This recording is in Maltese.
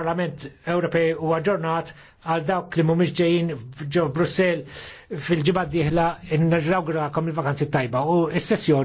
Parlament Ewropej u aġġornat għal dawk li mhumiex ġejjin ġew Brussell fil-ġibad diħla inaugurakom il-vakanzi tajba u s-sessjoni